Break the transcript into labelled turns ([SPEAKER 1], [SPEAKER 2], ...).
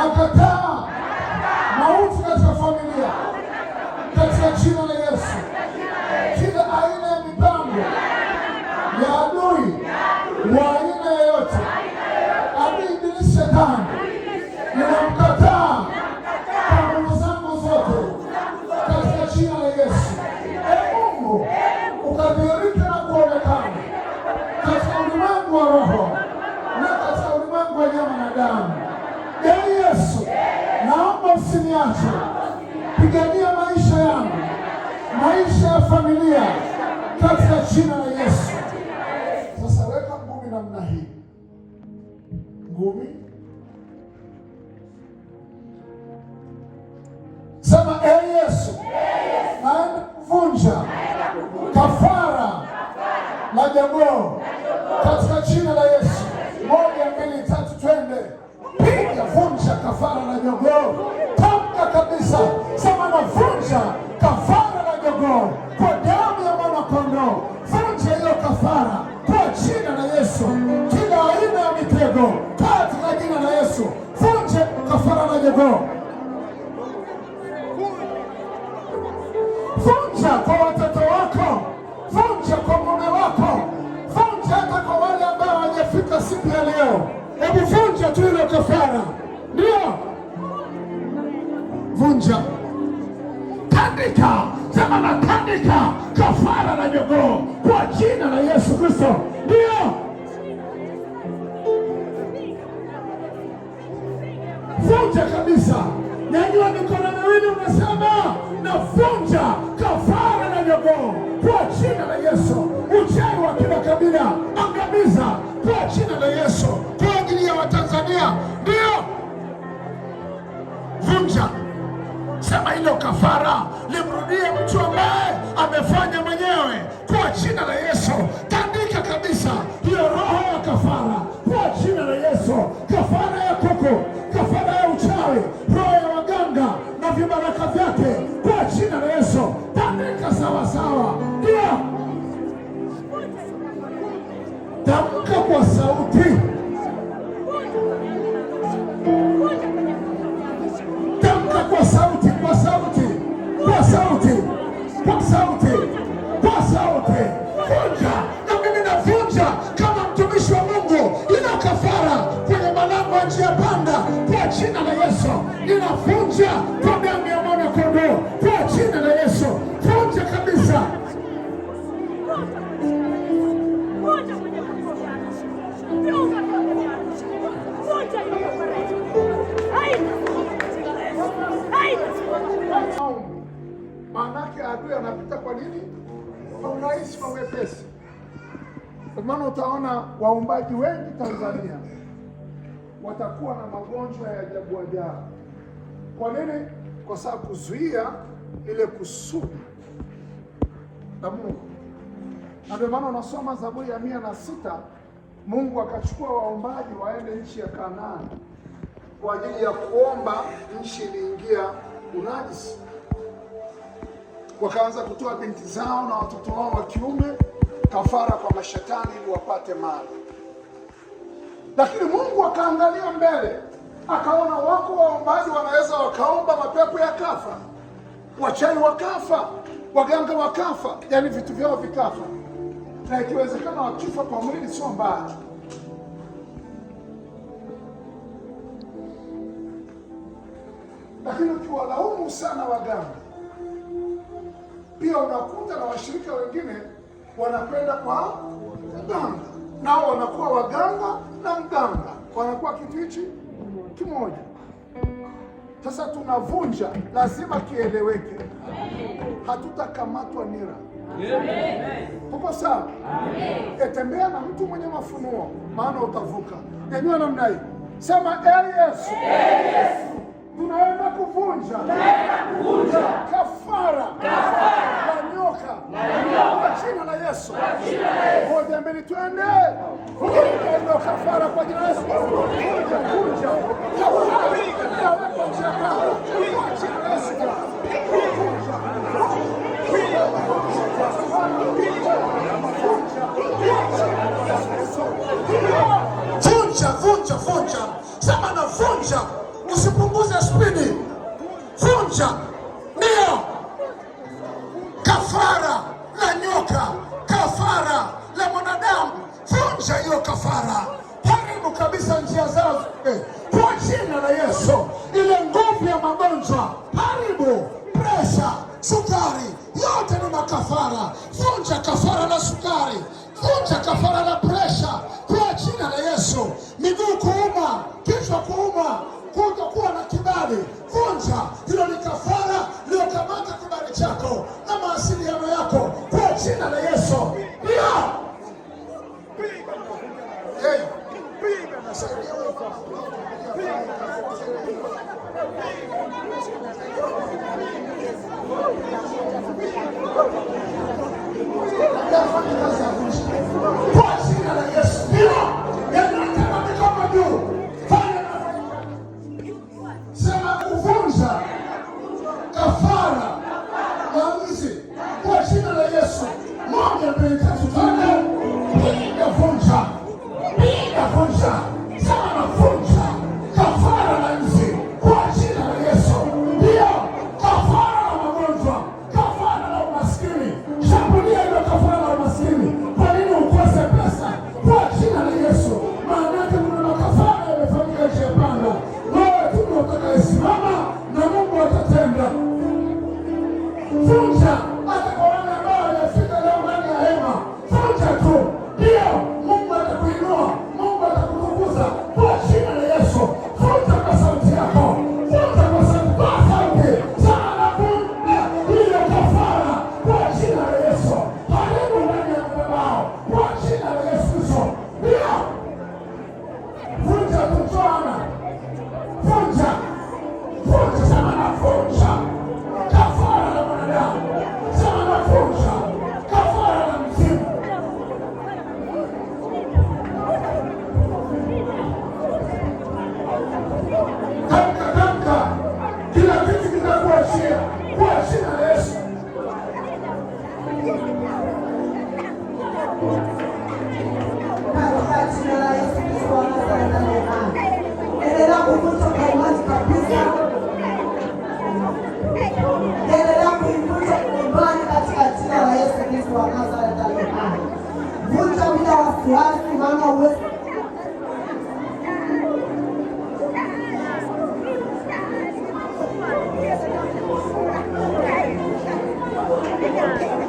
[SPEAKER 1] Nakataa mauti katika familia, katika jina la Yesu. Kila aina ya mipango
[SPEAKER 2] ya
[SPEAKER 1] adui wa aina yoyote, adui ibilisi shetani usiniache, pigania maisha yangu, maisha ya familia, katika jina la Yesu. Sasa weka ngumi namna hii, ngumi sema, ee Yesu,
[SPEAKER 2] naenda
[SPEAKER 1] kuvunja kafara la jogoo katika jina la Yesu. Moja, mbili, tatu, twende! Piga, vunja kafara la jogoo tisa sema, navunja kafara la jogoo kwa damu ya mwana kondoo. Vunja hiyo kafara kwa jina la Yesu, kila aina ya mitego katika jina la Yesu, vunja kafara la jogoo, vunja kipande sema na kafara na jogoo, kwa jina la Yesu Kristo. Ndio vunja kabisa, nyanyua mikono miwili, unasema na vunja kafara na jogoo, kwa jina la Yesu. Uchawi wa kila kabila angamiza, kwa jina la Yesu, kwa ajili ya Watanzania. Ndio vunja Sema hilo kafara limrudie mtu ambaye amefanya mwenyewe. Kwa jina la Yesu, tandika kabisa hiyo roho ya kafara. Kwa jina la Yesu, kafara ya kuku, kafara ya uchawi, roho ya waganga na vibaraka vyake, kwa jina la Yesu, tandika sawa sawa, ndio tamka kwa sauti haishi kwa wepesi. Kwa maana utaona waumbaji wengi Tanzania watakuwa na magonjwa ya ajabu ajabu. Kwa nini? Kwa sababu kuzuia ile kusudi la Mungu, na ndio maana unasoma Zaburi ya mia na sita Mungu akachukua waombaji waende nchi ya Kanaani kwa ajili ya kuomba nchi iliingia unajisi wakaanza kutoa binti zao na watoto wao wa kiume kafara kwa mashetani ili wapate mali. Lakini Mungu akaangalia mbele, akaona wako waombaji wanaweza wakaomba, mapepo ya kafa wachai wakafa, waganga wakafa, yaani vitu vyao vikafa, na ikiwezekana wakifa kwa mwili sio mbaya. Lakini ukiwalaumu sana waganga pia unakuta na washirika wengine wanakwenda kwa mganga, nao wanakuwa waganga na mganga wanakuwa kitu hichi kimoja. Sasa tunavunja, lazima kieleweke, hatutakamatwa nira. huko sawa? Etembea na mtu mwenye mafunuo, maana utavuka. Enywa namna hii, sema ee Yesu,
[SPEAKER 2] Yesu
[SPEAKER 1] tunaenda kuvunja kafara
[SPEAKER 2] la nyoka kwa
[SPEAKER 1] jina la Yesu. Moja mbili, twende ndo kafara kwa jina la Yesu. Kunja nawekwa njia kwa jina la Yesu. na vunja usipu na vunja funja ndio kafara la nyoka, kafara la mwanadamu. Funja hiyo kafara, haribu kabisa njia zao eh, kwa jina la Yesu. Ile nguvu ya magonjwa haribu, presha, sukari, yote ni makafara. Funja kafara la sukari, funja kafara la presha kwa jina la Yesu. miguu dhambi, vunja hilo ni kafara liyokamata kibali chako na mawasiliano yako kwa jina la Yesu. Ndio আসে না রে Yeah.